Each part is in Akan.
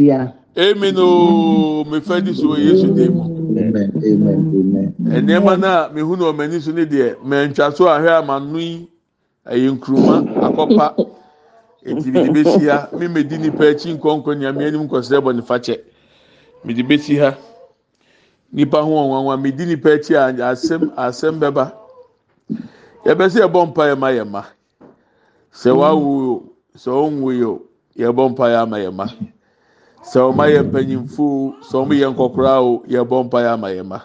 Yeah. Amen. Oh, me find this way yesterday. Amen. Amen. Amen. na mehu na ɔmo ani ne deɛ mɛntwa so ahwɛ ama no yi ɛyɛ nkuruma akɔpa eti bi de besi ha nipa nifa ha nipa ho mi di nipa a asem bɛba mpa yɛ ma yɛ ma sɛ wawu sɛ ɔnwu yɛbɔ mpa yɛ ama yɛ ma. sɛ ɔma yɛ mpanyinfo sɛ ɔmo yɛ nkɔkora o yɛbɔ mpa yɛ ama yɛ ma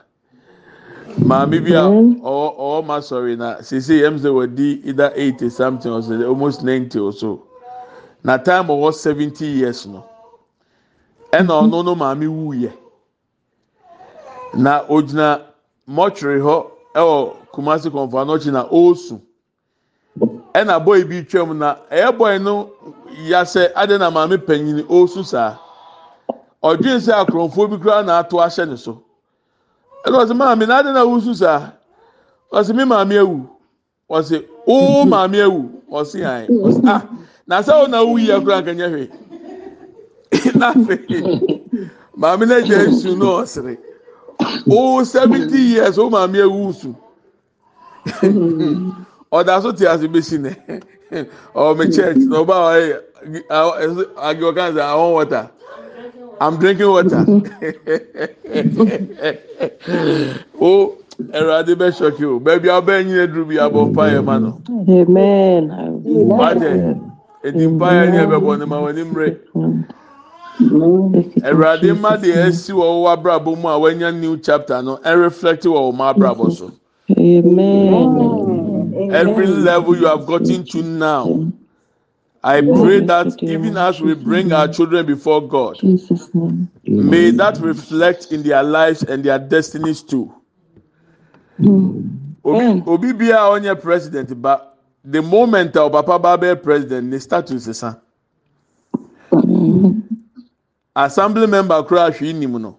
maame bi a ɔwɔ ɔwɔ ma sɔre na sese yɛm sɛ wɔdi eighty something almost ninety so na time ɔwɔ seventy years no ɛna na ogyina mɔtwere hɔ ɛwɔ na ɔɔsu ɛna bɔyi bi ɔdwene sɛ akorɔmfoɔ bi koraa na atụ ahyɛ ne ndị ɛna maami maame na adan na wusu saa ɔsɛ mi maame awu ɔsɛ maami ewu awu ɔsɛ yan ɔsɛ a na sɛ ɔna awu yi akora nkanyɛ hwɛ n'afɛ maami na gya nsu na ɔsere oo seventy years o maame awu su ɔda so te ase besi nɛ ɔmɛ church na ɔba ɔyɛ agɛ ɔkan sɛ awon water. i'm drinking water Oh, ẹrọ adé bẹ ṣọkí o bẹẹbi abẹ yín ẹdùrú bíi abọ mpa yẹn ma nọ. wájẹ ètí mpa yẹn ni ẹbẹ bọ ní ma wọn ní mìíràn ẹrọ adé má de ẹ sí wọ wọ new chapter no ẹ reflect wọ wọn abrabọ so. every level you have gotten to now. I pray that even as we bring our children before God, may that reflect in their lives and their destinies too. Hmm. Obi bia onye president but the moment our papa babe president ne status sisan. Hmm. Assembly member kura ahwi nim no.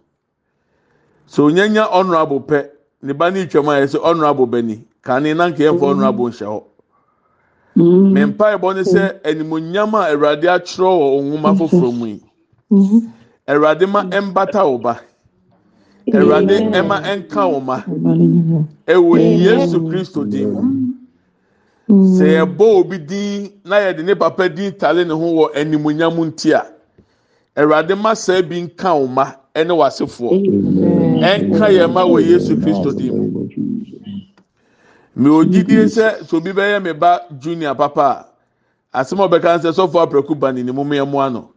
So onye honorable, honourable pɛ ne ba ne twam a yɛ sɛ honourable bɛ ni ka Mm-hmm. mempaebɔ ne sɛ mm-hmm. animonyam a awurade atwere wɔ nwoma mm-hmm. foforɔ mu yi awurade ma ɛmbata wo ba awurade ɛma ɛnka wo yesu kristo dị mụ sɛ yɛbɔ obi dị na yɛde ne papa dị tale ne ho wɔ animonyam nti a awurade ma saa bi nka wo ịnụ ɛne w'asefoɔ ya yɛn ma wɔ yesu kristo dị mụ. meɔgyidie sɛ sɛ obi bɛyɛ me ba junio papa a asɛm a ɔbɛkan sɛ sɛfoɔ prɛkubaninimmɛmoano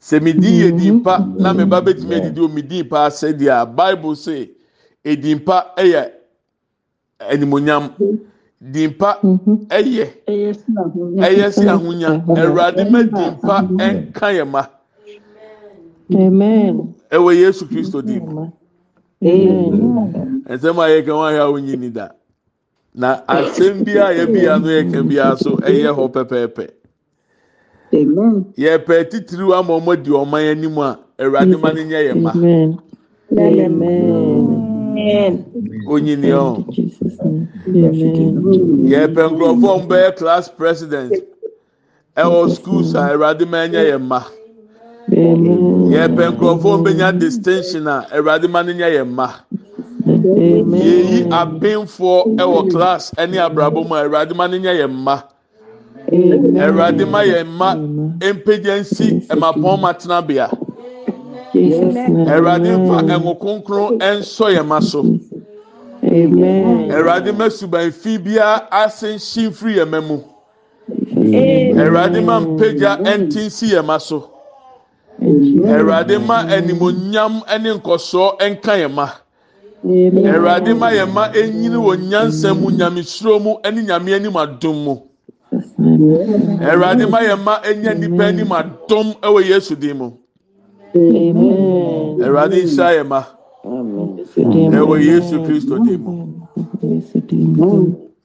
sɛ medin yɛ dim pa na meba bɛtimi adidi o medin pa a sɛdeɛ a bible se ɛdim pa yɛ animonyam dimpa yɛ ɛyɛ se ahonya awurade madim pa nka yɛ ma ɛwɔ yesu kristo dinm ɛnsmayɛka ɔ ɔyini da na asɛm biaa yɛbia no yɛka biaa so ɛyɛ hɔ pɛpɛɛpɛ yɛpɛ titiriw ama ɔmɔdi ɔman anim a awurade ma no nyɛ yɛ ma mma. Onyinye yɛpɛ nkurɔfo a ɔmbɛyɛ class president ɛwɔ schools a awurade ma ɛnyɛ yɛ ma yɛpɛ distinction a awurade ma no nyɛ yɛ yɛyi abenfoɔ ɛwɔ class ɛne abrabɔ mu a awurade ma ne nyɛ yɛn mma awurade ma yɛn mma mpagya nsi ɛmapɔn ma tenabea awurade mfa ɛnwo kronkron ɛnsɔ yɛn ma so awurade ma subanfi biara ase nhyi mfiri yɛn ma mu awurade ma mpagya ɛnti nsi yɛn ma so awurade ma animonyam ɛne nkɔsoɔ ɛnka yɛn ma. awurade ma yɛ ma ɛnyini wɔ nyansɛm mu nyamesuro mu ne nyame nim adom mu awurade ma yɛma ɛnya nnipa anim adom ɛwɔ yesu den mu awurade nhyira yɛ ma ɛwɔ yesu kristo de mu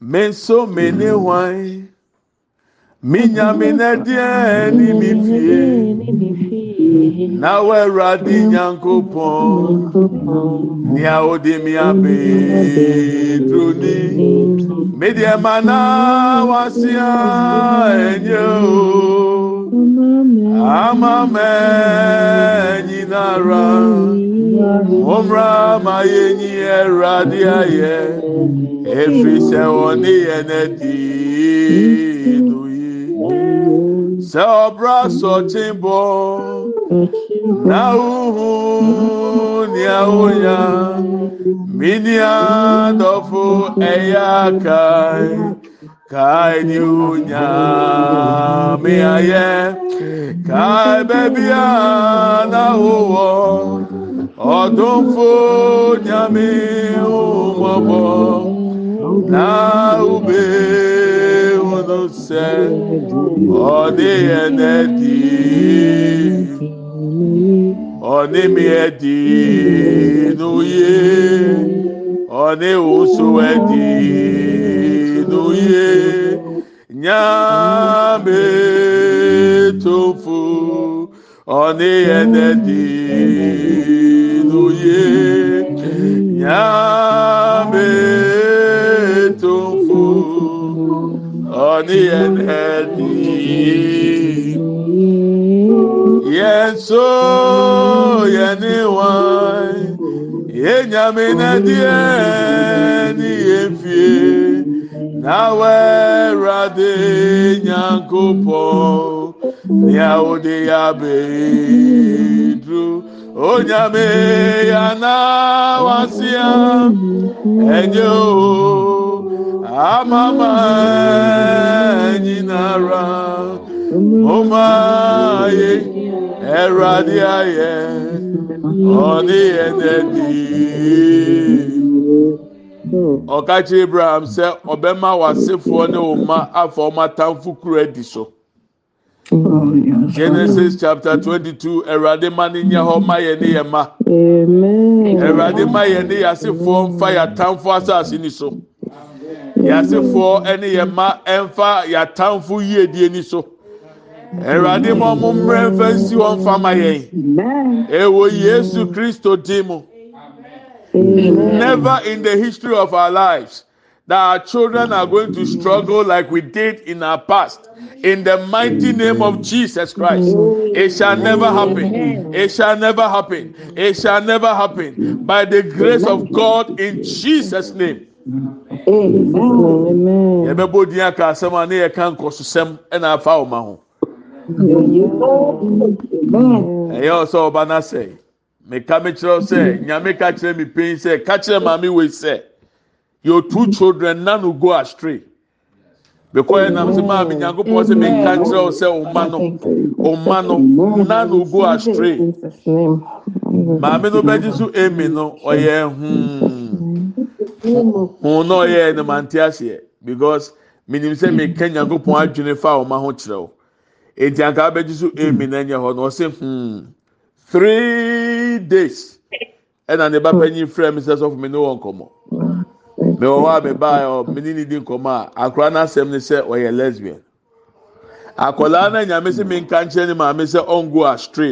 me nso me nne hwann menyame na deɛ ni me fie nawe awurade nyankopɔn nea wode me ịdụ medeɛ ma na wasea ɛnyɛ o ama mɛ nyinara ɔmra ma yɛnyi awurade e ayɛ ɛfiri sɛ wɔne yɛn sɛ ɔbra sɔkyen bɔ na wohu nea wonya menia dɔfo ɛyɛ akae kae ne wonya mi ayɛ kae baabia na wowɔ ɔdomfo nyame wo mmɔbɔ na wobee nose ọne yẹnedi ọne miedi no ye ọne oso edi noye nyame tovo ọne yenedi noye nyame ɔne yɛn adi yɛn so yɛn ne wan yɛn nyame n'adiɛ ne yɛn fie n'awɛ ɛwurade nyanko pɔ yàwó de yabè dúró onyame yànnà wá sí à ẹ̀yẹ́ o. amama anyị nara ụma anyị eru adị ayẹ ọdịyẹ nẹni. ọkachi ibrahim sị ọbẹma wasefoɔ ne ụma afọ ọmatamfo kuru so. Genesis chapter twenty two Ẹ̀rọ̀adé má ní yẹ họ́ má yẹ ní yẹ má. Ẹ̀rọ̀adé má yẹ ní yẹ asefoɔ mfa yẹ atamfo asase ni so. Amen. yɛasefoɔ ne yɛ ma ɛmfa yɛatamfo yiedie ni so awurade ma ɔmo mmerɛ mfa nsi wɔn mfa ma yɛn ɛwɔ yesu kristo din mu never in the history of our lives that our children are going to struggle like we did in our past. In the mighty name of Jesus Christ, it shall never happen. It shall never happen. It shall never happen. By the grace of God, in Jesus' name. yɛbɛbɔ ụdị aka asɛm a ne yɛka nkɔsosɛm ɛna afa ọma ho ɛyɛ ɔsɛ ɔba no sɛ meka mekyerɛ sɛ nyame ka kyerɛ me pɛn sɛ ka kyerɛ maame your two children none will go astray because ɛnam sɛ maa mi nyankopɔn sɛ meka kyerɛ wo sɛ ɔma no ɔma no none will go astray Maami no bɛgye so emi no ɔyɛ hmm. wọn náà yẹ ẹni mà ntí aseɛ because minim sɛ mi kɛ nyankopɔn adwene fa ɔmo ho kyerɛ o eti anka abɛgye so emi na na ɔsɛ hmm, three days ɛna ne ba panyin frɛ mi sɛ sɔfo mi ne wɔ nkɔmɔ mi wɔ hɔ a mi ba ɔ mi ne di a akora lesbian akwadaa na nyame sɛ mi nka nkyɛn ne maame sɛ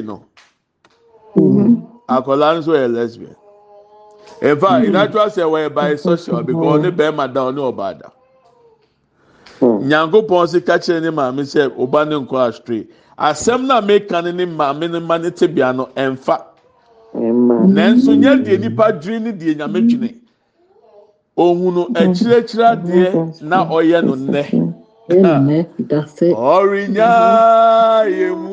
no mhm. akwadaa nso yɛ lesbian. in fact natural sɛ wɔyɛ bisexual because ɔne bɛrima da ɔne ɔbaa da nyankopɔn si ka kyerɛ ne maame sɛ ɔba ne nkɔ astray asɛm na meka ne ne maame ne ma ne tebea no ɛnfa nanso nyɛ deɛ nipa dwere ne deɛ nyame dwene ohunu hmm. akyirɛkyirɛ adeɛ hmm. na ɔyɛ no nnɛ hmm. ɔrenya yɛ mu.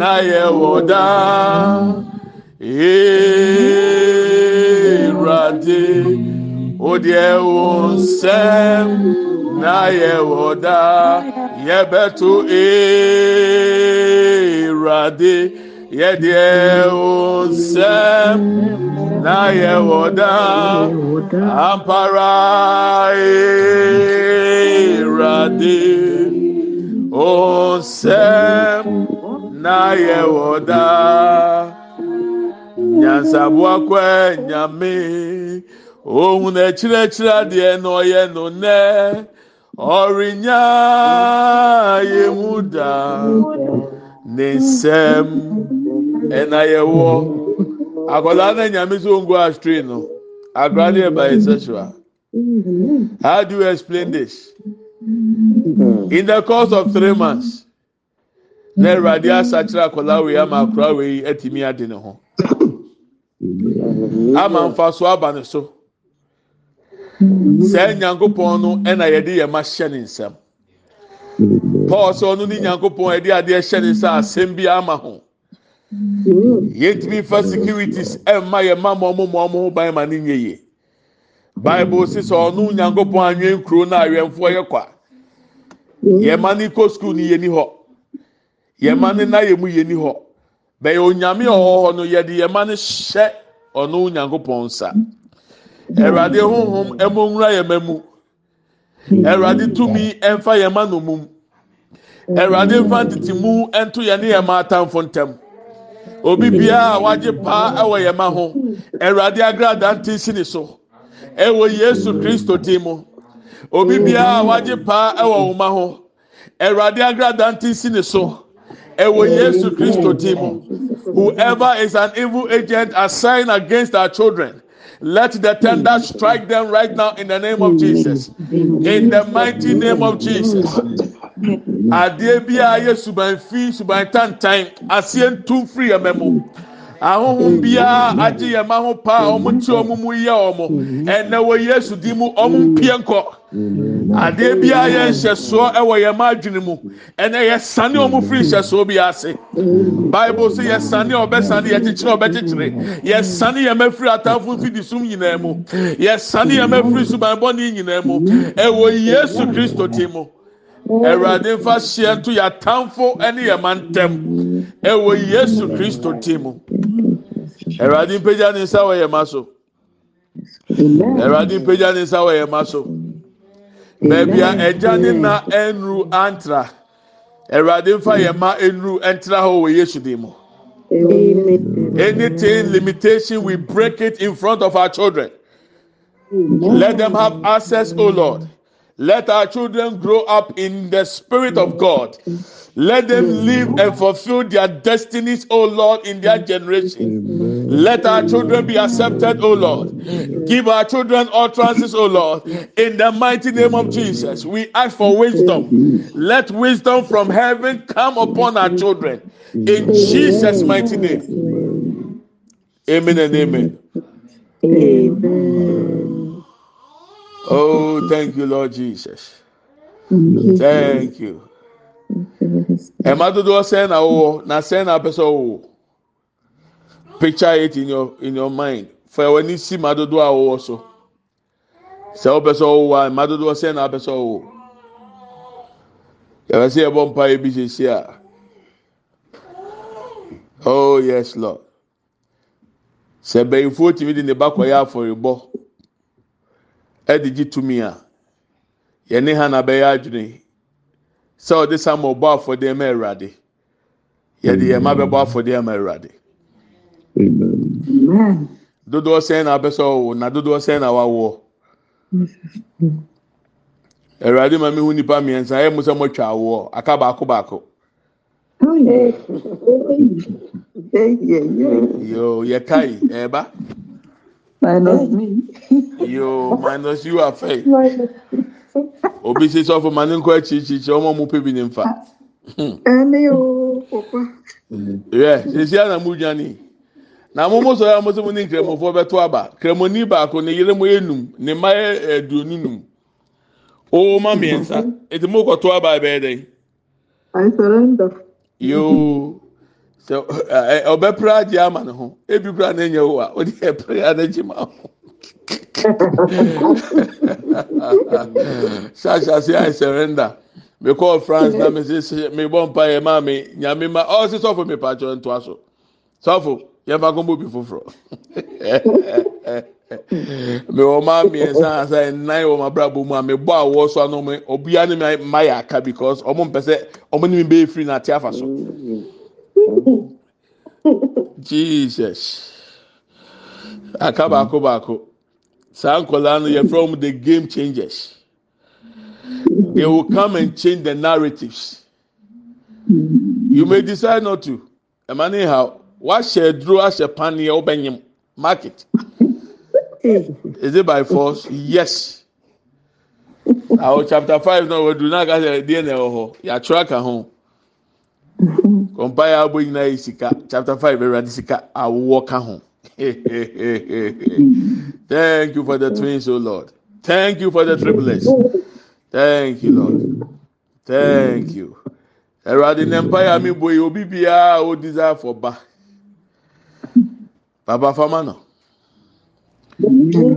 nayɛ wɔda erade odeɛ onsem na yɛ wɔda yɛbɛto eirade yɛ deɛ onsɛm na yɛ wɔda ampara rade onsm nayɛwɔda nyansaboakwɛ nyame owunɛ kyirɛkyira deɛnɔyɛ no nɛ ɔrịnya ye wuda ne nsem ɛnayɛwɔ akɔla nɛ nyame songu astre no agradɛ baessua hdseds na awurade asa kyerɛ akwadaa wei ama akwadaa yi atumi adi ne ho ama nfa so aba ne so saa nyankopɔn no ɛna yɛde yɛn ma hyɛ ne nsam paul sɛ ɔno ne nyankopɔn yɛde adeɛ hyɛ ne nsa asɛm bi ama ho yɛntumi fa securities ɛmma yɛn ma mɔmɔ mɔmɔ ho ban ma ne nye yie bible sisa ɔno nyankopɔn anwɛn kuro na awɛnfoɔ yɛ kwa yɛn ma ne kɔ sukuu ne yɛ ni hɔ. yɛma ne na yɛ mu yɛ ni hɔ bɛyɛ onyame ɔwɔ hɔ no yɛde yɛma ne hyɛ ɔno nyankopɔn nsa awurade honhom ɛmo nwura yɛma mu awurade tumi ɛmfa yɛma no mu awurade mfa tete mu ɛnto yɛn yɛma atamfo ntɛm obi biara a wagye paa ɛwɔ yɛma ho awurade agradaa ntesi ne so ɛwɔ yesu kristo din mu obi biara a wagye paa ɛwɔ wɔn ho awurade agradaa ntesi ne so. ẹwọ Yesu Kristo ti whoever is an evil agent assigned against our children. Let the tender strike them right now in the name of Jesus. In the mighty name of Jesus. Adeɛ bi a yɛ subanfi subantantan aseɛ ntum firi ɛmɛ ahohom biara agye yɛn ma ho paa wɔn ti wɔn mu yɛ wɔn ɛnna wɔ yesu di mu wɔn mpie nkɔ adeɛ biara yɛ nhyɛsoɔ ɛwɔ yɛn mma adwene mu ɛnna yɛ wɔn firi nhyɛsoɔ bi ase bible sɛ yɛ sane ɔbɛ sane yɛ kyekyere ɔbɛ kyekyere yɛ sane yɛn mma firi ataafo fidi sum nyinaa mu yɛ yɛn mma firi subanbɔ ne nyinaa mu ɛwɔ yesu kristo ti mu. Awurade nfa hyia nto yɛ atamfo ne yɛ mantɛm Yesu Kristo ti mu awurade mpagya ne nsa wɔ yɛn ma so awurade mpagya ne nsa wɔ yɛn ma so baabi a ɛgya ne na ɛnru antra awurade nfa yɛn ma ɛnru ɛntra hɔ wɔ yesu dim mu. Anything limitation, we break it in front of our children. Let them have access, O oh Lord. Let our children grow up in the Spirit of God. Let them live and fulfill their destinies, O Lord, in their generation. Let our children be accepted, O Lord. Give our children utterances, O Lord. In the mighty name of Jesus, we ask for wisdom. Let wisdom from heaven come upon our children. In Jesus' mighty name. Amen and amen. Amen. Oh, thnkyou lord jesus tnkyou ɔma dodoɔ sɛn na wowɔ na sɛn na wapɛ sɛ ɔwowɔ pitsareite in yɔr mind fɔɛwɔne si madodoɔ awowɔ so sɛ wopɛ sɛ ɔwowɔa ɔmaddɔ sɛ ne wapɛsɛ wowɔ ɛfɛsɛ yɛbɔ mpa yɛbi sesia oh, yes lord sɛ bɛyifoɔ ɔtimi di ne ba kɔyɛafɔrebɔ ɛde gye ah. tumi a yɛne ha na bɛyɛ adwene sɛ ɔde samuel bɔ afɔdeɛ ma awurade yɛde yɛn ma bɛbɔ afɔdeɛ ma awurade dodoɔ sɛn na abɛsɛ ɔwɔ na dodoɔ sɛn na wawoɔ awurade ma mi hu nipa mmiɛnsa ɛyɛ e mu sɛ mo atwa awoɔ aka baako baako. yɛ kae ɛɛba. yo minus you obi si sọfọ ma ní nkọ ekyirikyiri ọmọ mu pebi ní nfa. ẹni o papa. yẹ sisi ana mu na mo mo ya mo sọ mo ní nkremofo bẹ tó aba kremoni baako ne yere mo yẹ num ne mma yẹ num o ma mmiɛnsa eti mo kọ tó aba bẹ yẹ dẹ. i surrender. yoo. sɛ ɛɛ ɔbɛpere agye ama ne ho ebi kura ne nyɛ wo a ɔde ɛpere anagye ma ho i surrender mekɔɔ france na mese mebɔ mpa yɛ maa me eh, nyame ma ɔse sɔfo mepaakyɛ ntoa so sɔfo yɛmfa kɔmbɔ bi foforɔ maa asa nnan wɔ mu a so ano ɔbia ne ma aka because ɔmo ɔmo mi na ate afa mm. jesus akabako bako. baako saa nkwadaa from the game changers they will come and change the narratives you may decide not to ɛma ne ha as duro ahyɛ paneɛ ɔbɛnyim market is it by force yes our chapter five now we do not get the DNA. díẹ̀ náà wọ̀ hɔ mpaeɛ abɔ nyinaa yɛ sika chapter five awurade sika awowɔ ka ho thank you for the twins o oh lord thank you for the triplets thank you lord thank you awurade ne mpaeɛ ami bɔ yi obi biara a o desire for ba baba fama no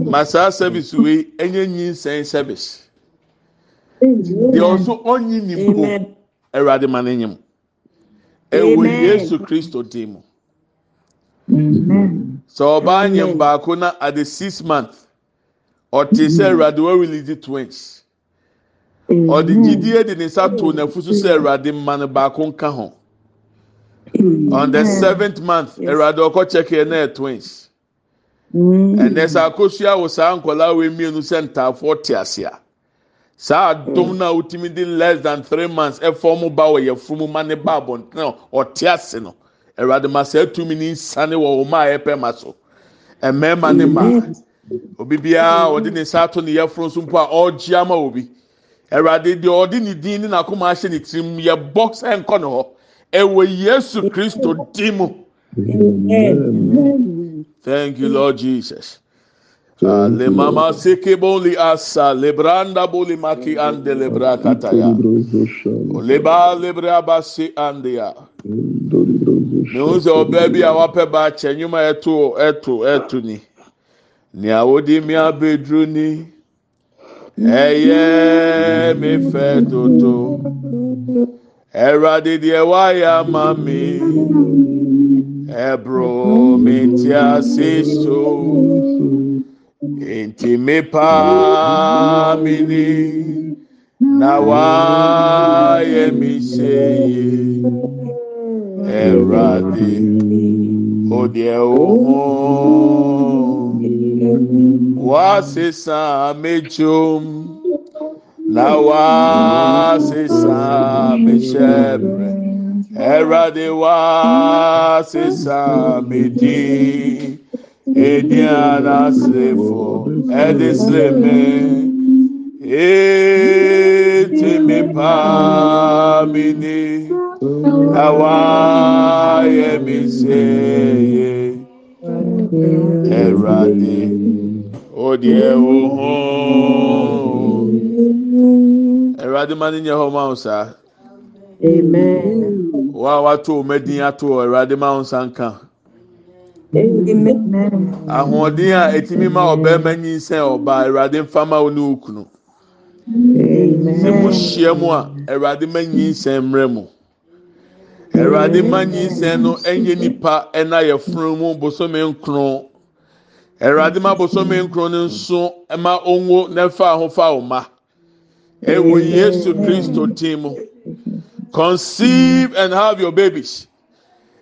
ma saa service wei enye nyinsɛn service deɛ ɔso ɔnyi nimpo awurade ma ne ɛwɔ yesu kristo dim So ɔbaa nyɛm baako na at the six month ɔte sɛ awurade wɔ release twins ɔde gyidie de ne nsa to n'afuso sɛ awurade mma no baako nka ho on the seventh month awurade ɔkɔ kyɛkɛ na yɛ twins ɛnɛ sɛ akosua wɔ saa nkɔla wɔ emienu sɛ ntaafoɔ saa dom na wotumi di less than three months ɛfɔ mu ba wɔ yɛ funu ma ne ba abɔnten ɔte ase no ɛwurade ma saa tumi ne nsane wɔ wɔn a yɛpɛ ma so mmarima ne mmaa obi biara ɔde ne nsa ato ne yɛfunu nso mpo a ɔregye ama obi ɛwurade deɛ ɔde ne din ne n'akoma ahyɛ ne tirim yɛ box ɛnkɔ ne hɔ ɛwɔ yesu kristo din mu thank you lord jesus. Le mama seke boli asa lebranda boli maki ande lebra kataya. Leba lebra basi ya. Nuzi obebi awape bache nyuma etu etu etu ni. Ni awodi mi abedru ni. Eye mi fe toto. Era didi ewa ya mami. Ebro mi ti asiso. nti mi ni, nawa ye mi se ye ɛwurade o deɛ o ho wasesa mejom na wasesa mehyɛbrɛ ɛwurade wasesa medi. any other slave for any slave man. Eti mi pa mi ni awa ye mi se ye ẹra ni o e di ẹ wo hàn ẹra adi ma ni nyẹ hɔ ma nsa. Amen. Wa wa to o mɛ din ato ɛra ma nsa nkan ahoɔden a ɛtumi ma ɔbɛrima nyinsɛn ɔbaa awurade mfama wo ne okunu sɛ mo hyia mu a awurade ma nyinsɛn mmerɛ mu awurade ma nyinsɛn no ɛnyɛ nipa ɛna yɛ funu mu bosome nkron awurade ma bosome nkron no nso ma onwo n'afa ahofa ahoma ɛwɔ yesu kristo tim mu conceive and have your babies.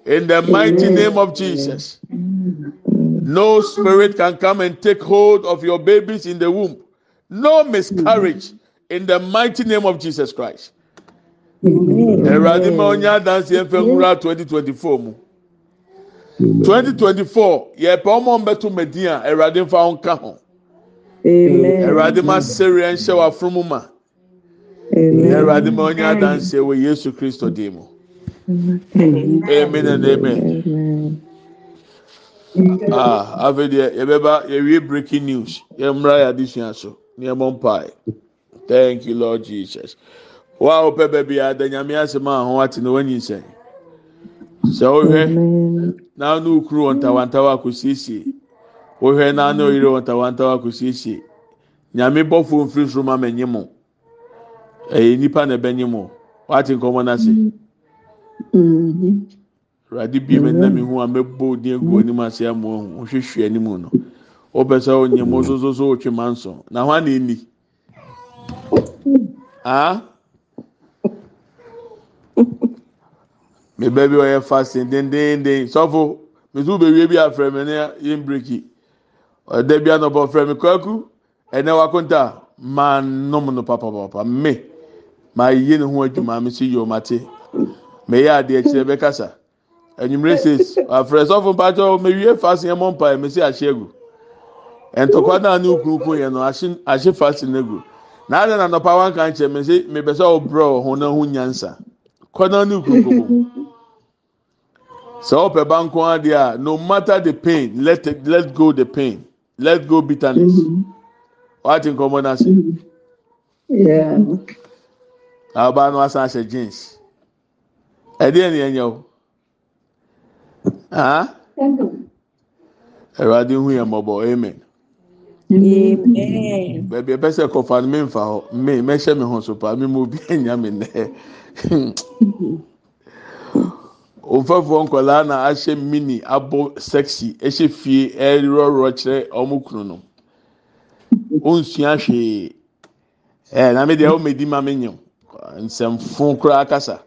In the mighty name of Jesus. No spirit can come and take hold of your babies in the womb. No miscarriage in the mighty name of Jesus Christ. Ẹ̀rọ̀dì máa ń yá twenty twenty four mu. Twenty twenty four yẹ pẹ̀ ọmọ mbẹ́tò mẹ̀dín à ẹ̀rọ̀dì nfa ọ̀n ká hàn. Ẹ̀rọ̀dì máa sẹ̀rẹ̀ ẹ̀ ń ṣẹ́ wà fún mu mà. Ẹ̀rọ̀dì Yéṣu Kristo dì mu. amen and amen. ah afɛdeɛ yɛbɛba yɛwie breaking news yɛmmra yɛ adesua so nneɛma mpae thank you lord jesus wa a wopɛ baabi a da nyame asɛm a ho ate no wanyinsɛn sɛ wohwɛ na ne wokuru wɔ ntawantawa akɔsiesie wohwɛ na ne oyere wɔ ntawantawa akɔsiesie nyame bɔfoɔ mfiri soro ma mɛnye mo ɛyɛ nipa na ɛbɛnye mo wate nkɔmmɔ no Mm-hmm. radi bi mi mm-hmm. nam ihu a mɛbɔ odi egu mm-hmm. onim ase amu ohun ohwehwɛ anim no ɔbɛ sɛ ɔnyɛ mu sososo otwe ma nso na hwa na eni aa mebɛ bi ɔyɛ fasin dendenden sɔfo mesu bewie bi afrɛ mi ne yɛn biriki ɔdɛ bi anɔbɔ frɛ mi kwaku ɛnɛ e wakunta maa nom no papapapa me maa yie ne ho adwuma mi si yɔ ma te. meyɛ adeɛ kyerɛ bɛkasa enyimire says afrɛ sɔfo mpatsɔ mewie fasin ɛmɔ mpa emesi ahyɛ egu ntɔkwa naa ne okunkun yɛ no ahye fasin egu n'adɛ na nɔpa wanka nkyɛn mesi mebɛsɛ ɔbrɔ ɔho na ho nyansa kɔnɔ ne okunkun mu sɛ ɔpɛ banko adeɛ a no matter the pain let let go the pain let go bitterness ɔate nkɔmɔ n'ase. Yeah. Aba no asan ahyɛ jeans. ɛdeɛ neɛanyɛ ho ah? awurade hu yɛ mmɔbɔ amen baabia ɛpɛ sɛ kɔfa no me mfa hɔ me mɛhyɛ me ho so pa memmobia nya mennɛ ɔmfafuɔ nkɔlaa na ahyɛ meni abɔ seksi ɛhyɛ fie rɔɔ kyerɛ ɔmo kununo wɔnsua hwee na me deɛ womɛdima menyom nsɛm fo koraa kasa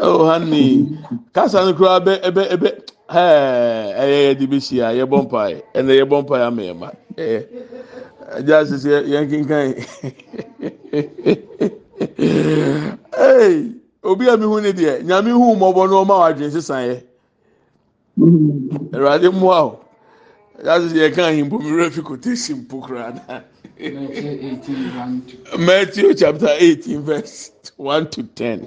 oh honey kasa no kura bɛ ɛbɛ ɛbɛ ɛɛ ɛyɛ yɛ bi si a yɛ bɔ mpae ɛna yɛ ma obi a mi hu ni nya mi hu mɔbɔ na ɔma wadwin sisan yɛ ɛwurade mu awo ɛdi ya yɛ kan yi mbomi kote na Matthew chapter verse one to ten.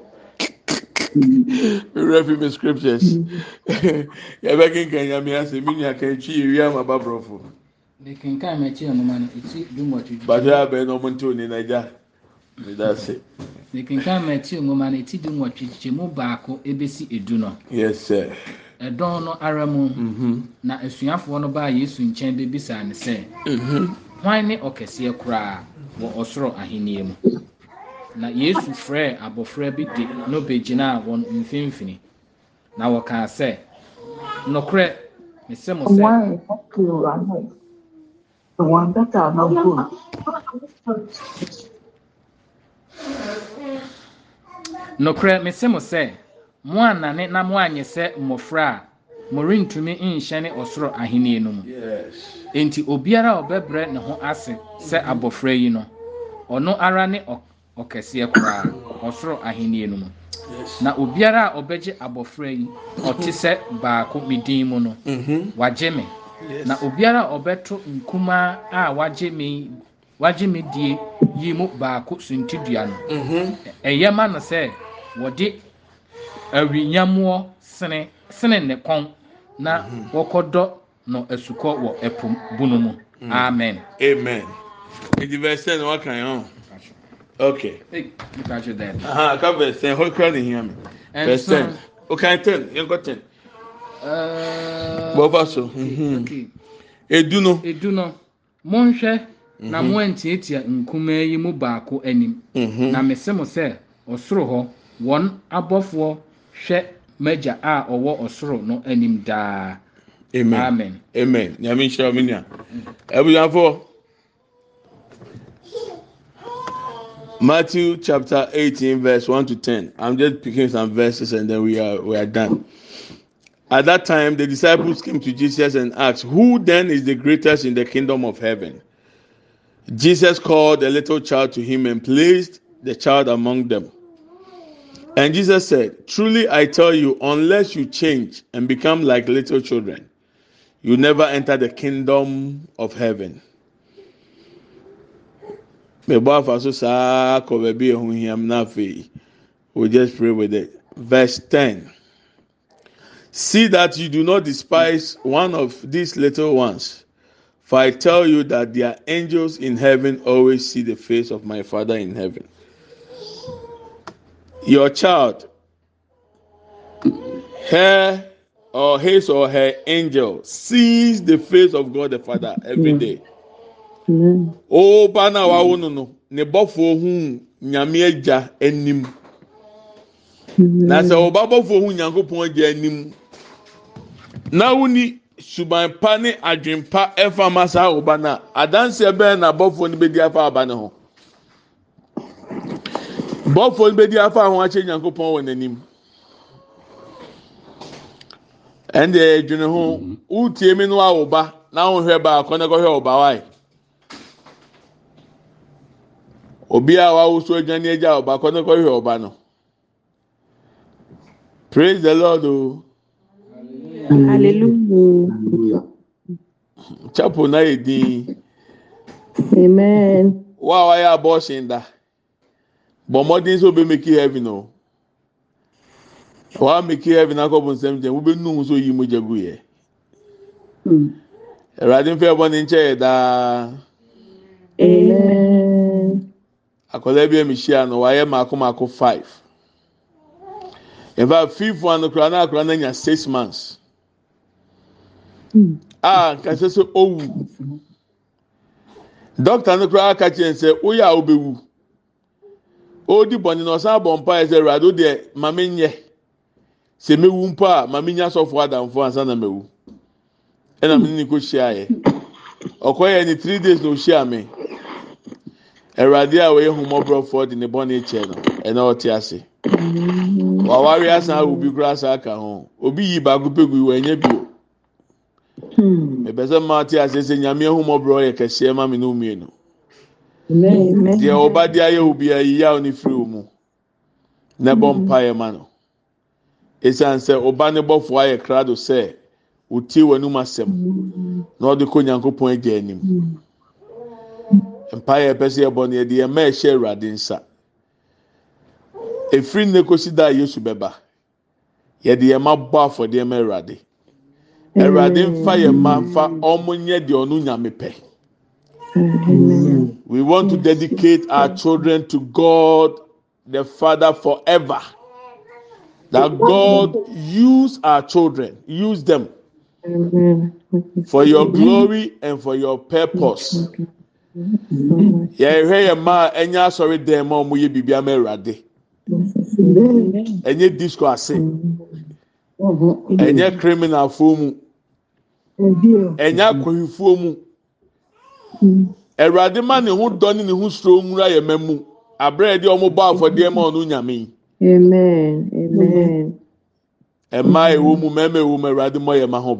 refi me scriptures mm-hmm. yɛbɛ kenkan nyame asɛ mi nua ka akyi yɛ wia ma baborɔfo kenkan ma akyi anoma no ekyi dwuma twitwi bàtɛ abɛn na ɔmo nti oni na gya ne da se kenkan ma akyi anoma no ekyi dwuma twitwi mu baako ebesi edu no yes sir ɛdɔn no ara mu mm-hmm. na esuafoɔ no baa yesu nkyɛn bebisa ne sɛ mm-hmm. hwan ne ɔkɛseɛ koraa wɔ ɔsoro mu. na yesu frɛ abɔfra bi de na ɔbɛgyinaa wɔn mfimfini na wɔkaa sɛ nɔkorɛ mesɛ mo sɛ nɔkorɛ mesɛ mo sɛ moanane na moanyɛ sɛ mmɔfra a morentumi nhyɛne ɔsoro ahenni no mu enti obiara a ɔbɛbrɛ ne ho ase sɛ abɔfra yi no ɔno ara ne ɔk ɔkɛseɛ koraa ɔsoro ahenni no mu na obiara a ɔbɛgye abɔfra yi ɔte sɛ baako mi din mu no mm-hmm. wagye me na obiara a ɔbɛto nkumaa a wagye me wagye me die yi mu baako suntidua no mm-hmm. ɛyɛ ma no sɛ wɔde awinyamoɔ sene sene ne kɔn na mm-hmm. wɔkɔdɔ no asukɔ wɔ ɛpo bunu mu amen. amen. amen. Okay. Hey, look at your dad. Uh-huh, come verse 10. Holy me. verse uh, so, Okay, You got Uh, so. Eduno. Eduno. Mo na mm-hmm. mo n nkume yi mu baako anim. Mm-hmm. Na mese sɛ ɔsoro hɔ wɔn abɔfoɔ hwɛ mɛgya a ɔwɔ ɔsoro no anim daa. Amen. Amen. Amen. Nyame nhyira nia. Matthew chapter 18, verse 1 to 10. I'm just picking some verses and then we are we are done. At that time, the disciples came to Jesus and asked, Who then is the greatest in the kingdom of heaven? Jesus called a little child to him and placed the child among them. And Jesus said, Truly I tell you, unless you change and become like little children, you never enter the kingdom of heaven mebɔ afa so saa kɔ baabi a hiam na afei we just pray with it verse ten see that you do not despise one of these little ones for i tell you that their angels in heaven always see the face of my father in heaven your child her or his or her angel sees the face of god the father every hmm. day. ɔba mm-hmm. no a wawo no no ne bɔfoɔ hu nyame agya anim mm-hmm. na sɛ ɔba bɔfoɔ hu nyankopɔn agya anim na woni suban pa ne adwen pa ɛfa ma saa ɔba na, Adansi adanseɛ bɛyɛ na bɔfoɔ no bɛdi afa aba ne ho bɔfoɔ no bɛdi afa ho akyɛ nyankopɔn wɔ n'anim ɛndeɛ yɛdwene ho mm-hmm. wotie mi no a ɔba na wohwɛ baakɔ na kɔhwɛ ɔba wae obiara wawosuo adwane agya ọba kọ ne ọba no praise the lord o hallelujah chapel na yɛ din amen wa da bɔ mmɔden sɛ obe heaven o wa meki heaven akɔbɔ nsɛm ntɛm nnụnụ so yi mu gya gu yɛ ɛwurade nfɛ akwadaa bi a mehyia no wayɛ mako mako five yɛfa fifo ano koraa na akwadaa na anya six months hmm. a nkasa sɛ owu dɔkta no koraa aka kyerɛ sɛ woyɛ a wobɛwu odi bɔnne na ɔsan abɔ mpa rado sɛ radio deɛ maame nyɛ sɛ mewu mpo a maame nya sɔfo adamfo ansa na mewu ɛna me ne ko hyia yɛ ɔkɔ yɛ ne three days na ohyia me. awurade a wɔyɛ homɔborɔfoɔ de ne bɔne kyɛ no ɛna ɔte ase wawari asan awo bi kura asan aka ho obi yi baako pegu yi wɔnyɛ bio hmm. ebɛsɛ mmaa te ase sɛ nyame ahomɔborɔ yɛ kɛseɛ ma mi no mmienu deɛ ɔba di ayɛ obi a yiya ne firi wɔn mu na bɔ hmm. mpa yɛ ma no esan sɛ ɔba ne bɔfoɔ ayɛ krado sɛ otie wɔn mu asɛm hmm. na ɔde kɔ nyankopɔn agya anim. mpaeɛ yɛpɛ sɛ yɛbɔ no yɛde ɛhyɛ awurade nsa efiri ne kosi da yesu bɛba yɛde yɛma bɔ afɔdeɛ ma awurade awurade nfa yɛma nfa ɔmo nyɛ deɛ ɔno nyame pɛ. We want to dedicate our children to God the Father forever. That God use our children, use them for your glory and for your purpose. Mm-hmm. yɛhwɛ yɛ mmaa ɛnyɛ asɔre a wɔyɛ biribi ama awurade ɛnyɛ disco ase mm-hmm. ɛnyɛ criminalfoɔ mu ɛnyɛ akɔhifoɔ mu mm-hmm. awurade ma ne ho dɔ ne ne ho suro nwura mma mu de bɔ afɔdeɛ ma ɔno nyame yi ɛmaa ɛwɔ mu mɛɛma ɛwɔ mu awurade mɔ yɛ ma ho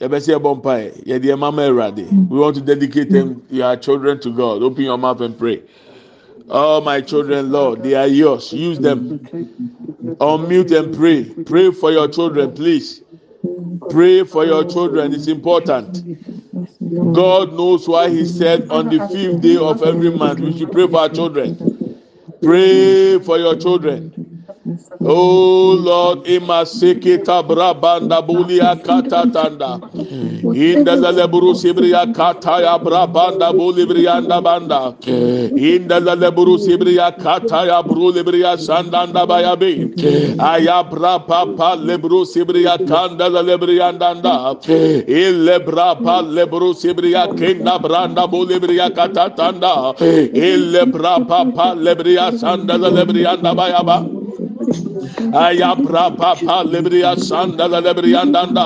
yɛbɛsɛ yɛbɔ mpae yɛde yɛn mama awurade hmm. we want to dedicate them, your children to God open your mouth and pray. All oh, my children, Lord, they are yours. Use them. Unmute and pray. Pray for your children, please. Pray for your children. It's important. God knows why He said on the fifth day of every month we should pray for our children. Pray for your children. Oh Lord, imasikita brabanda bulia tanda. Inda zaleburu sibriya ya brabanda bulibriyanda banda. Inda zaleburu ya kataya brulibriya sandanda bayabi. Aya brabapa lebru sibriya kanda zalebriyanda da. Ile brapa lebru sibriya kenda branda tanda. bulibriya katatanda. Ile brapa lebriya sanda zalebriyanda bayaba. Cristo. aya bra pa pa lebria sanda la lebria danda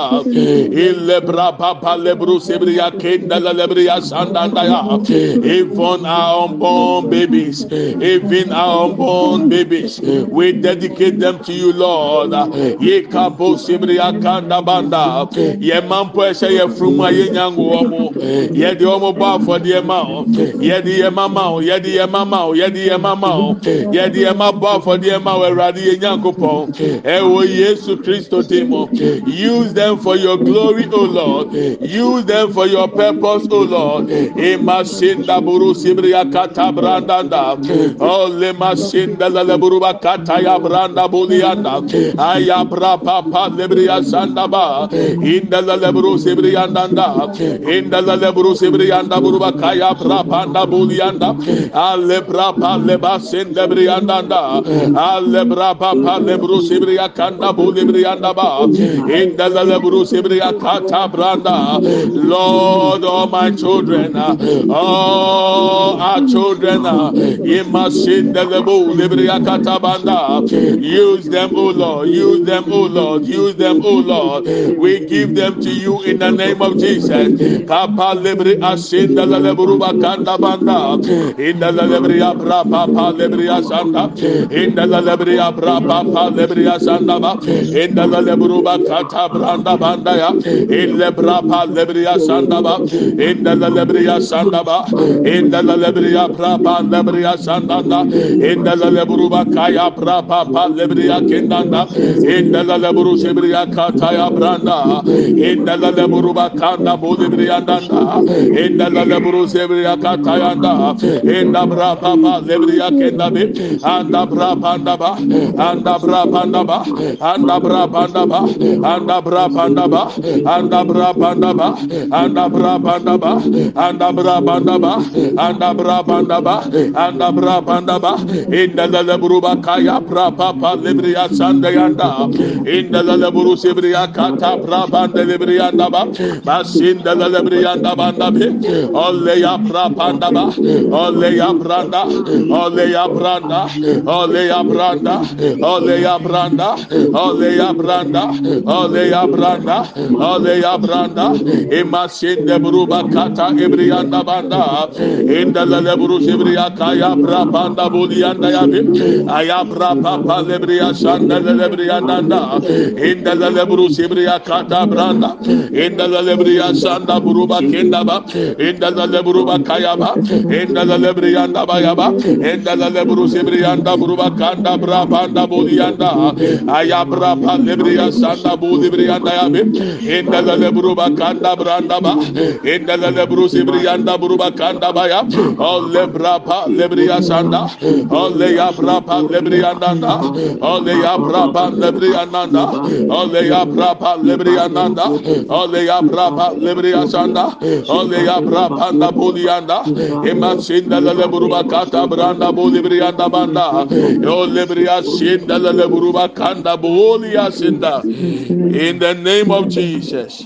ille bra pa pa lebru sebria kenda la lebria sanda ya even our unborn babies even our unborn babies we dedicate them to you lord ye kabo sebria kanda banda ye mampo ese ye fruma ye nyango omo ye di omo ba for di ema ye di ema ma ye di ema ma ye di ema ma ye di ema ba for di ema we radi ye nyango nyankopɔn Ewo yesu Christo Demo, use them for your glory o lord use them for your purpose o lord emasinda buru sibriya Katabrandanda, brandanda ole masinda lele buru ba ya branda bulianda ayabra papa lebriya sandaba inda lele buru sibriya ndanda inda lele buru sibriya kaya brapanda bulianda ale brapa leba sinda brianda lebru sibriya kanda bu libriya Inda lebru sibriya kata branda. Lord, all my children, all our children, imasin lebu libriya kata banda. Use them, oh Lord. Use them, oh Lord. Use them, oh Lord. We give them to you in the name of Jesus. Kapa libri asin lebru bakanda banda. Inda lebri abra papa lebri asanda. Inda lebri abra papa palebriya sandaba inda lebruba kata branda banda ya inle brapa lebriya sandaba inda lebriya sandaba inda lebriya brapa lebriya sandanda inda lebruba kaya brapa pa lebriya kendanda inda lebru sebriya kata ya branda inda lebruba kanda bodebriya danda inda lebru sebriya kata ya danda inda brapa pa lebriya kendanda anda brapa anda ba anda anda bra panda ba anda bra panda ba anda bra panda ba anda bra panda ba anda bra panda ba anda bra panda ba anda bra panda ba anda bra panda ba inda la la buru ba kaya bra pa pa lebriya yanda inda la la buru sebriya kata bra panda lebriya anda ba bas inda la la lebriya anda ba anda be olle ya bra panda ba olle ya branda olle ya branda olle ya branda olle Aleya branda, aleya branda, aleya branda, aleya branda. Emasinde bruba kata ebriyanda banda. Endelele buru zebriya kaya brabanda ya yabi. Aya braba palebriya sandelele briyanda da. Endelele buru zebriya kata branda. Endelele briya sanda bruba kenda ba. Endelele bruba kaya ba. Endelele briyanda ba ya ba. Endelele buru zebriyanda bruba kanda brabanda buliyanda libriyanda ayabra pa libriya sanda bu libriyanda ya bi indele lebru kanda branda ba indele lebru sibriyanda buru bakanda ba ya o lebra pa libriya sanda o le ya bra pa libriyanda da o le ya bra pa libriyanda da o le ya bra pa libriyanda da o le ya bra pa libriya sanda o le ya bra pa na bu liyanda iman sindele lebru bakata branda bu libriyanda banda o libriya sindele anhyasnd in the name of jesus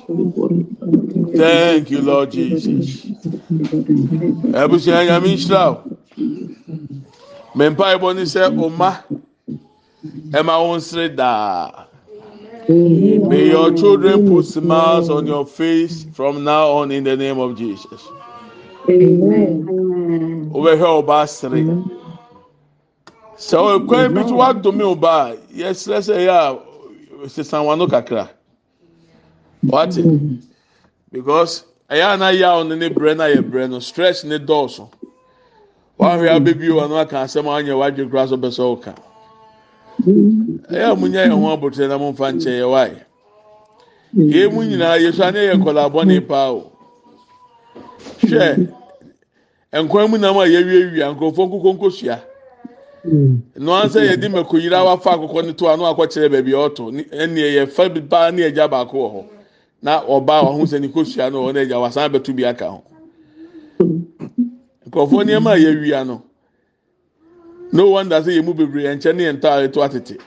nkyou o jus esaasr mepaibonse oma emansrda mayour children put smiles on your ace from nowon in the name of jsusoees sɛ ɔkwan bi tí domi o ba yɛsrɛ sɛ yɛ a sisan wano kakra wate because ɛyɛ ana yɛ a ɔno ne brɛ na yɛ brɛ no stretch ne dɔɔso wahwɛ abɛbi wɔn aka asɛm a wanyɛ wadwe kura so bɛ sɛ ɔka ɛyɛ a mo nya yɛn ho abotire na mo nfa nkyɛn yɛ waaye yɛn mu nyinaa yɛsɔ ani yɛ kɔla abɔne paa o hwɛ nkwan mu nam a yɛwiawia nkurɔfoɔ nkokonko sua. nnuansa yɛde mako yira wafa akokɔ ne to ano akɔkyerɛ baabi ɔto ɛnni yɛ fa baa ne agya baako wɔ hɔ na ɔbaa ɔho sɛ ne kosua no wɔ ne agya wasan abɛto bi aka ho nkurɔfoɔ nneɛma a yɛwia no no wonder sɛ yɛn mu bebree nkyɛn ne yɛn atete.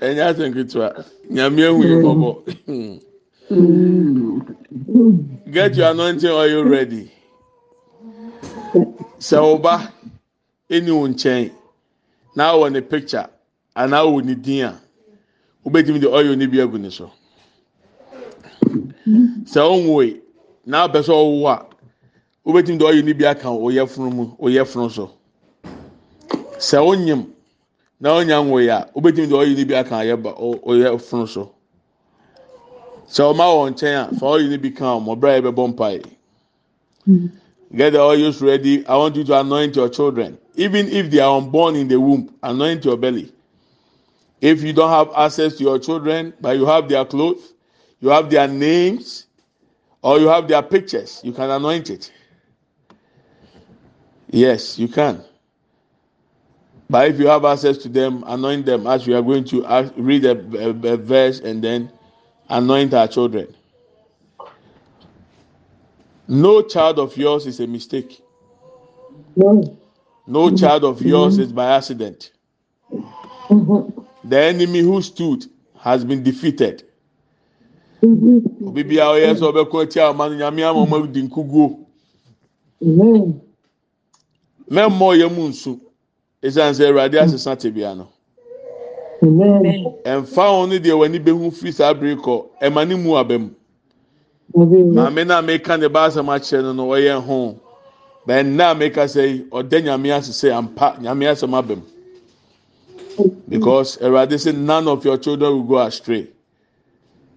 ɛnyɛ asɛnketewa Get your anointing oil ready. Sɛ ɔba ɛni wo nkyɛn na awɔ anaa ne din a de oil ne bi agu ne so. Sɛ ɔnwoe na abɛ sɛ ɔwo a wobɛtumi de oil ne bi aka oyɛfunu mu oyɛfunu so. Sɛ ɔnyim na ɔnya nwoe a de oil ne bi aka so. So ɔma wɔn nkyɛn for all you need become kan wɔn ɔbɛrɛ yɛ get the oils ready i want you to anoint your children even if they are unborn in the womb anoint your belly if you don't have access to your children but you have their clothes you have their names or you have their pictures you can anoint it yes you can but if you have access to them anoint them as we are going to read a, a, a verse and then. anoint our children no child of yours is a mistake no child of yours is by accident the enemy who stuod has been defeated birbia ɔyɛ sɛ ɔbɛko atiawɔma no nyame amamadinkuguo mɛma yɛmu nsu ɛsiɛne sɛ awuradeɛ asesa tebia no ɛnfa wɔn ne deɛ w'ani bɛ hu firi saa abiri kɔ ɛma ne mu aba maame naa meka ne ba asɛm akyerɛ no no ɔyɛ ho na ɛnna meka sɛ yi ɔdɛ nyame asese ampa nyame asɛm aba because ɛwurade say none of your children will go astray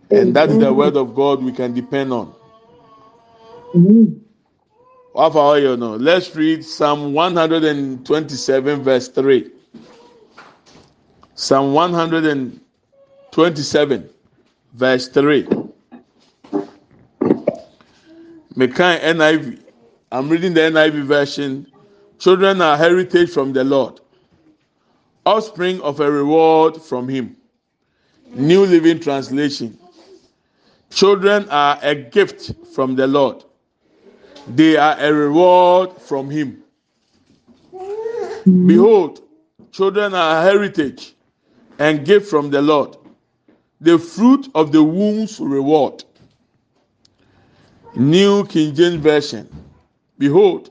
and that is the word of God we can depend on. Wafa mm-hmm. let's read Psalm 127, verse 3. Psalm 127, verse 3. Mekan NIV. I'm reading the NIV version. Children are heritage from the Lord, offspring of a reward from Him. New Living Translation. Children are a gift from the Lord, they are a reward from Him. Behold, children are heritage and give from the Lord. The fruit of the womb's reward. New King James Version. Behold,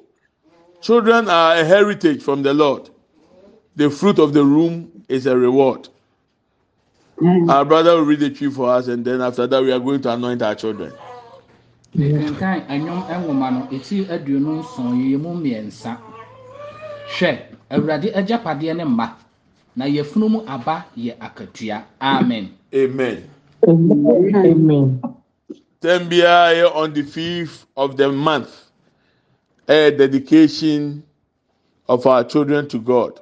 children are a heritage from the Lord. The fruit of the womb is a reward. Mm. Our brother will read the tree for us, and then after that, we are going to anoint our children. nkenkan ɛnwom nwoma no eti aduonu nson yi mu mmiɛnsa hwɛ awurade agyapadeɛ ne mma na yɛfunu mu aba yɛ akatua amen. amen. amen. tɛn biara yɛ on the fifth of the month ɛyɛ dedication of our children to God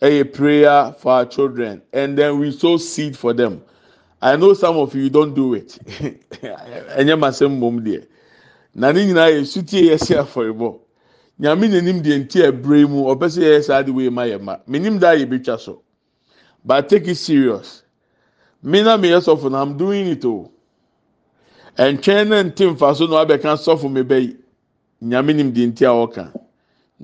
ɛyɛ prayer for our children and then we sow seed for them I know some of you don't do it ɛnyɛ masɛm mom deɛ na ne nyinaa yɛ sutie yɛ si afɔribɔ. nyame n'anim deɛ nti ɛbrɛ mu ɔpɛ sɛ yɛyɛ saa de wei ma yɛ ma menim da yɛ betwa so but take it serious me na meyɛ sɔfo na i'm doing it o ɛntwɛn na nti nfa so na wabɛka sɔfo mi bɛyi nyame nim deɛ nti a ɔka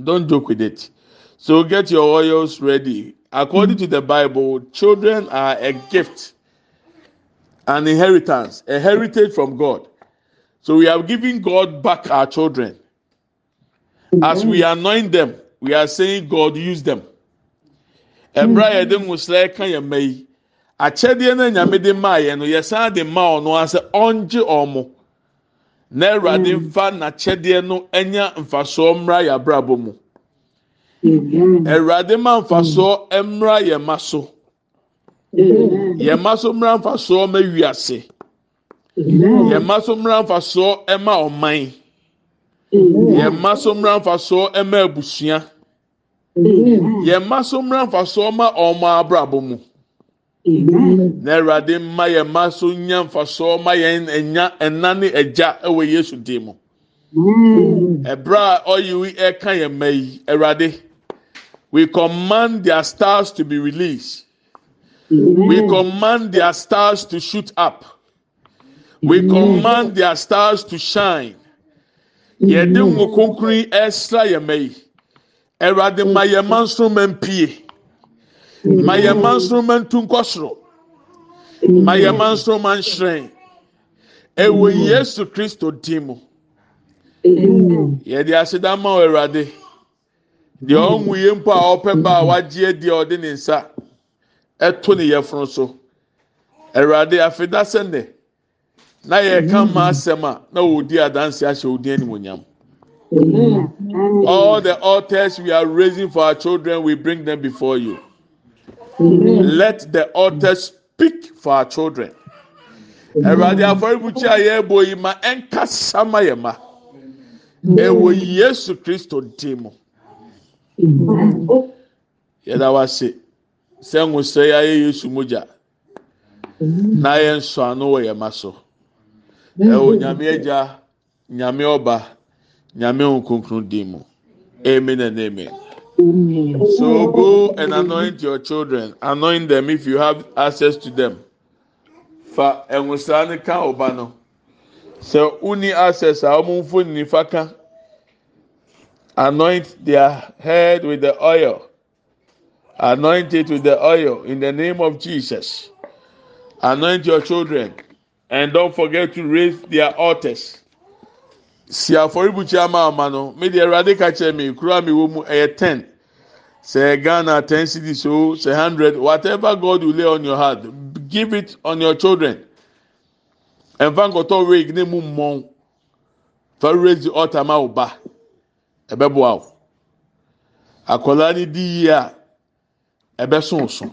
don't joke with it so get your oils ready according to the bible children are a gift an inheritance a heritage from god so we are giving god back our children. as we anoint them we are saying god use them mmerɛ a yɛde nwosra ka yɛn mma yi akyɛdeɛ na nyame de maa yɛn no yɛsan de maa ɔno asɛ ɔngye ɔmo na awurade hmm. mfa n'akyɛdeɛ no anya nfasoɔ mmra yɛ abrabɔ mu awurade ma mfasoɔ hmm. mmra yɛn ma so yɛn ma so mmra mfasoɔ ma ase. yɛn ma so mmra mfasoɔ ma ɔman. mma so mma so mu na mma mma so nya ne yesu dim mma yi we command their stars to be released we command their stars to shoot up we command their stars to shine. yɛde wo konkron ɛsra yɛ ma yi ɛwurade ma yɛ ma nsoroma mpie ma yɛ ma nsoroma ntu nkɔ soro ma yɛ ma nsoroma nhyerɛn ɛwɔ yesu kristo din mu yɛde aseda ma wɔ ɛwurade deɛ ɔnwu yie mpo a ɔpɛ ba a wagye deɛ ɔde ne nsa ɛto ne yɛforo so ɛwurade afeda sɛ na yɛreka mma asɛm a na wɔdii adanseɛ ahyɛ wodi animonyam all the alters we are raising for our children wi bring them before you lɛt the alters speak for our children awurade afɔrebokyi a yɛrbɔ yi ma ɛnkasa ma yɛma ɛwɔ yesu kristo de mu yɛda woase sɛ nwo srɛ yiayɛ yɛsu mo gya na yɛnsɔ ano wɔ yɛ ma so ɛwɔ nyame agya nyame ɔba nyame nkonkron din mu amen and amen. So go and anoint your children. Anoint them if you have access to them. Fa ẹ̀wùsá ni ká ọba nọ. Sẹ uni access a ọmọ nfoni nifa ká. Anoint their head with the oil. Anoint it with the oil in the name of Jesus. Anoint your children and don't forget to raise their altars. Si afɔribukyia ama ama no, mi deɛ ɛwurade ka kyerɛ mi, kura mi wɔ mu ɛyɛ eh, ten. Sɛ Ghana ten cities o, sɛ hundred, whatever God will lay on your heart, give it on your children. Ɛnfa nkɔtɔ wig ne mu mmɔn, fa raise the altar ma wo ba, ɛbɛboa wo. Akwadaa ni di yie a, ɛbɛsonson.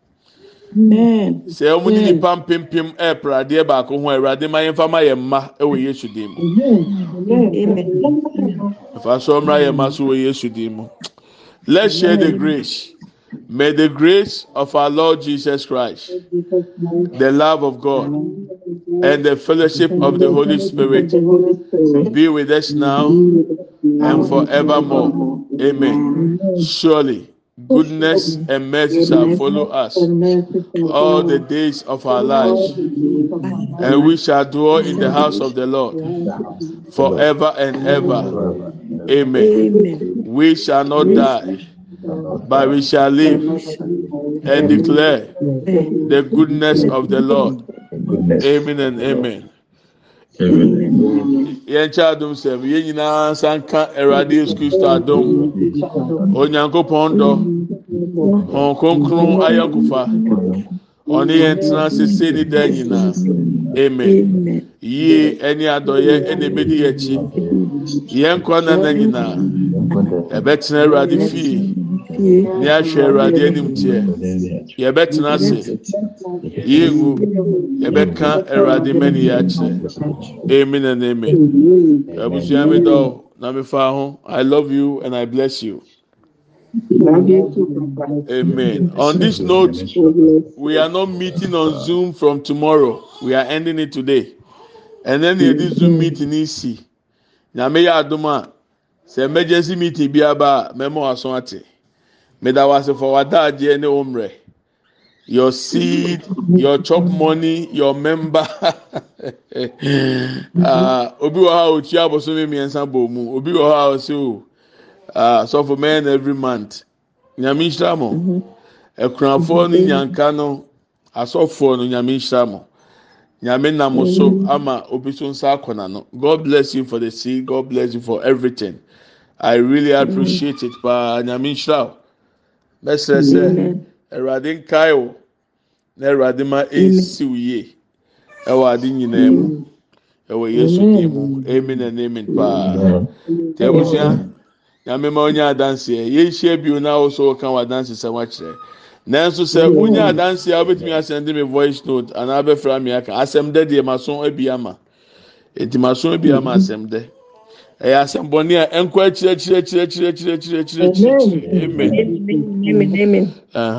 sɛ ɛwɔ ne pim pim ɛɛpra adeɛ baako ho awurade ma yɛn fama yɛn mma ɛwɔ yesu din mu ɛfa so ɔmra yɛn mma so wɔ yesu din mu let's share the grace may the grace of our lord jesus christ the love of god and the fellowship of the holy spirit be with us now and forevermore amen surely goodness and mercy shall follow us all the days of our lives, and we shall dwell in the house of the Lord forever and ever. Amen. We shall not die, but we shall live and declare the goodness of the Lord. Amen and amen. amen. yɛn kyɛ adum sɛm yɛn nyinaa sanka ɛwurade sukuu star dɔm onyankopɔn dɔ wɔn konkron ayɔnkofa ɔne yɛn tena sese ne dan nyinaa amen yie ɛne adɔyɛ ɛna ebedi yɛn akyi yɛn nkɔ nana nyinaa ɛbɛtena ɛwurade fie. ní ahwẹ awurade anim tiẹ yɛbɛtena ase yɛngu yɛbɛka awurade mɛni yɛ akyerɛ amen and amen abusua mi dɔw na mi fa ho i love you and i bless you. Amen. On this note, we are not meeting on Zoom from tomorrow. We are ending it today. And then in this Zoom meeting is see. Nyame ya aduma. Sɛ emergency meeting bi aba mɛmɔ aso May that was for what wadaagye ne omre. Your seed, your chop money, your member. Ah, obi wɔ ha a otua abosom mmiɛnsa bɔ mu. Obi wɔ ha a ah, ɔsi so for men every month. Nyame nhyira mo. phone, mm-hmm. ne nyanka no, asɔfoɔ no nyame nhyira mo. Nyame nam so mm-hmm. ama obi so nsa akɔ God bless you for the seed. God bless you for everything. I really mm-hmm. appreciate it paa. Nyame nhyira mɛsrɛ sɛ awurade nkai o na awurade ma si w yi ɛwɔ ade nyinaa mu wɔ yɛsi mumnmaamsaama wyaaanseɛhi bionska ɔns sɛokyerɛ nnso sɛ wonya adansea wobɛtimi asɛm dem voice note anaa bɛfrɛ miaka asmdɛ deɛmamanimaso biama am dɛ ɛyɛ asɛmbɔni a ɛnkɔ akyire akyire amen amen amen.